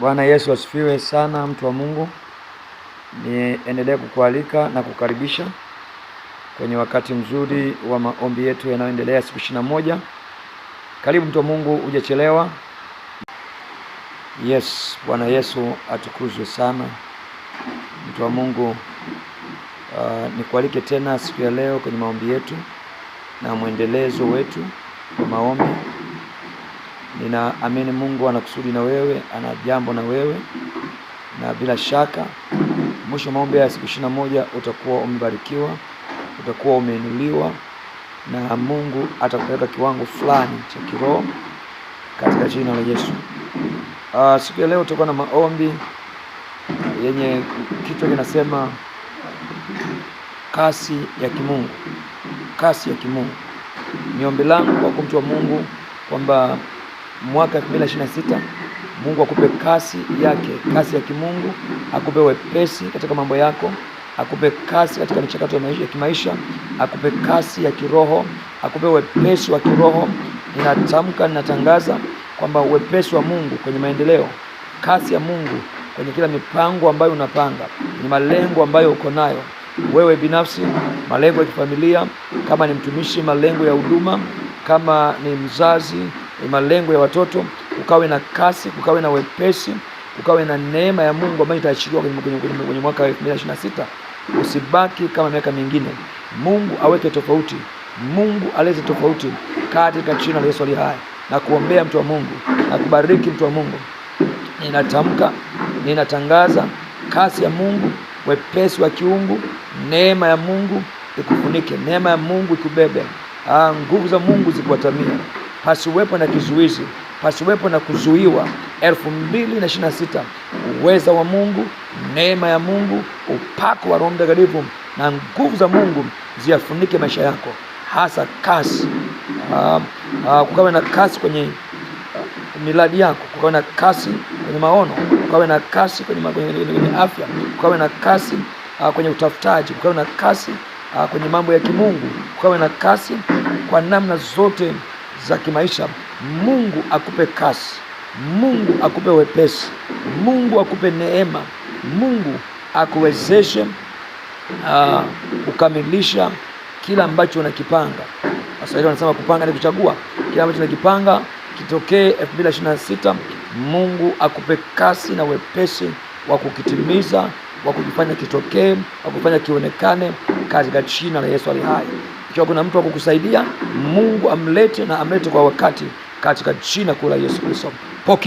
Bwana Yesu asifiwe sana, mtu wa Mungu. Niendelee kukualika na kukaribisha kwenye wakati mzuri wa maombi yetu yanayoendelea siku ishirini na moja. Karibu mtu wa Mungu, hujachelewa. Yes, Bwana Yesu atukuzwe sana. Mtu wa Mungu, uh, nikualike tena siku ya leo kwenye maombi yetu na mwendelezo wetu wa maombi Ninaamini Mungu ana kusudi na wewe, ana jambo na wewe, na bila shaka mwisho maombi ya siku ishirini na moja utakuwa umebarikiwa, utakuwa umeinuliwa na Mungu atakupeleka kiwango fulani cha kiroho katika jina la Yesu. Uh, siku ya leo tutakuwa na maombi yenye kichwa kinasema kasi ya kimungu. Kasi ya kimungu ni ombi langu kwa wa Mungu kwamba mwaka 2026. Mungu akupe kasi yake, kasi ya kimungu, akupe wepesi katika mambo yako, akupe kasi katika michakato ya kimaisha, akupe kasi ya kiroho, akupe wepesi wa kiroho. Ninatamka, ninatangaza kwamba wepesi wa Mungu kwenye maendeleo, kasi ya Mungu kwenye kila mipango ambayo unapanga, ni malengo ambayo uko nayo wewe binafsi, malengo ya kifamilia, kama ni mtumishi, malengo ya huduma, kama ni mzazi malengo ya watoto, ukawe na kasi, ukawe na wepesi, ukawe na neema ya Mungu ambayo itaachiliwa kwenye mwaka 2026. Usibaki kama miaka mingine. Mungu aweke tofauti, Mungu aleze tofauti katika jina la Yesu aliye hai, na kuombea mtu wa Mungu na kubariki mtu wa Mungu. Ninatamka, ninatangaza kasi ya Mungu, wepesi wa kiungu, neema ya Mungu ikufunike, neema ya Mungu ikubebe, ah, nguvu za Mungu zikuatamia pasiwepo na kizuizi, pasiwepo na kuzuiwa. elfu mbili na sita uweza wa Mungu, neema ya Mungu, upako wa Roho Mtakatifu na nguvu za Mungu ziyafunike maisha yako, hasa kasi. Uh, uh, kukawe na kasi kwenye uh, ah, miradi yako, kukawe na kasi kwenye maono, kukawe na kasi kwenye, kwenye, kwenye, kwenye afya, kukawe na kasi uh, kwenye utafutaji, kukawe na kasi uh, kwenye mambo ya kimungu, kukawe na kasi kwa namna zote za kimaisha, Mungu akupe kasi, Mungu akupe wepesi, Mungu akupe neema, Mungu akuwezeshe uh, kukamilisha kila ambacho unakipanga. Waswahili wanasema kupanga ni kuchagua. Kila ambacho unakipanga kitokee 2026. Mungu akupe kasi na wepesi wa kukitimiza, wa kujifanya kitokee, wa kufanya kionekane katika jina la Yesu ali hai. Ikiwa kuna mtu wa kukusaidia, Mungu amlete na amlete kwa wakati, katika jina kuu la Yesu Kristo. Pokea.